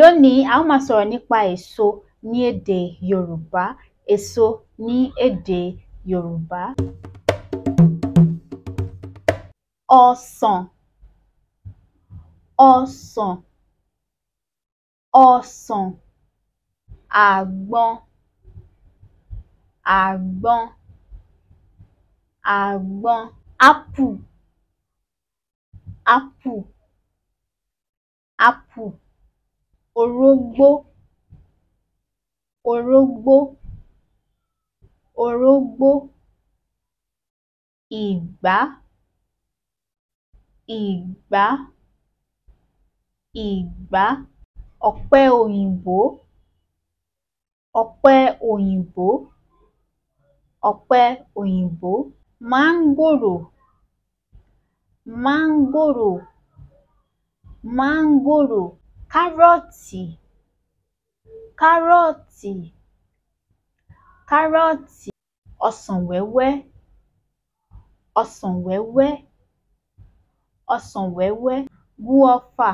Lónìí, a ó máa sọ̀rọ̀ nípa èso ní èdè Yorùbá. Èso ní èdè Yorùbá. Ọsàn ọsàn ọsàn àgbọn àgbọn àgbọn ápù ápù ápù orógbó orógbó orógbó ìgbá ìgbá ìgbá ọ̀pẹ òyìnbó ọ̀pẹ òyìnbó ọ̀pẹ òyìnbó máńgòrò máńgòrò máńgòrò kárọ̀tì kárọ̀tì kárọ̀tì ọsàn wẹ́wẹ́ ọsàn wẹ́wẹ́ ọsàn wẹ́wẹ́ guọfà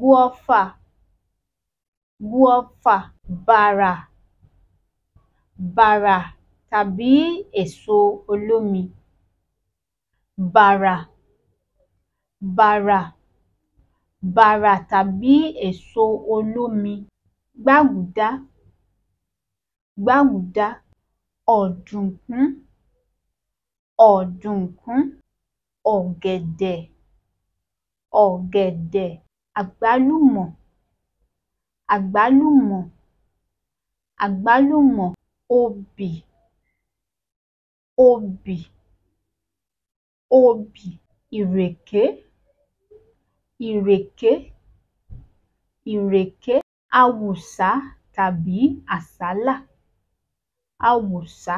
guọfà guọfà bàrà bàrà tàbí èso olómi bàrà bàrà bàrà tàbí èso olómi, gbágùdáá, gbágùdáá, ọ̀dùnkún, ọ̀dùnkún, ọ̀gẹ̀dẹ̀, ọ̀gẹ̀dẹ̀, àgbálùmọ̀, àgbálùmọ̀, àgbálùmọ̀, obì, obì, obì, ìrèké ìrèké ìrèké Awùsá tàbí àsálà Awùsá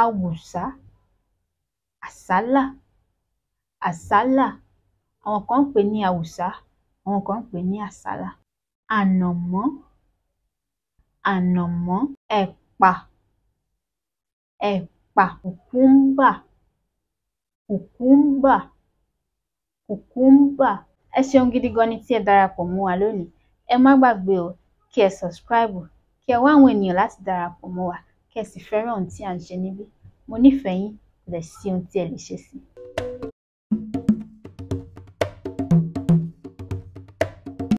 Awùsá àsálà àsálà àwọn kan ń pè é ní Awùsá àwọn kan ń pè é ní àsálà. Ànàmọ́ ànàmọ́ Ẹ̀pà ẹ̀pà Kùkúḿbà kùkúḿbà kùkúḿbà ẹ ṣeun gidi gan ni tí ẹ darapọ̀ mọ́ wa lónìí ẹ má gbàgbé o kí ẹ subscribe kí ẹ wá àwọn ènìyàn láti darapọ̀ mọ́ wa kí ẹ sì fẹ́ràn ohun tí à ń ṣe níbí mo nífẹ̀ẹ́ yín kò dẹ̀ sí ohun tí ẹ lè ṣe sí i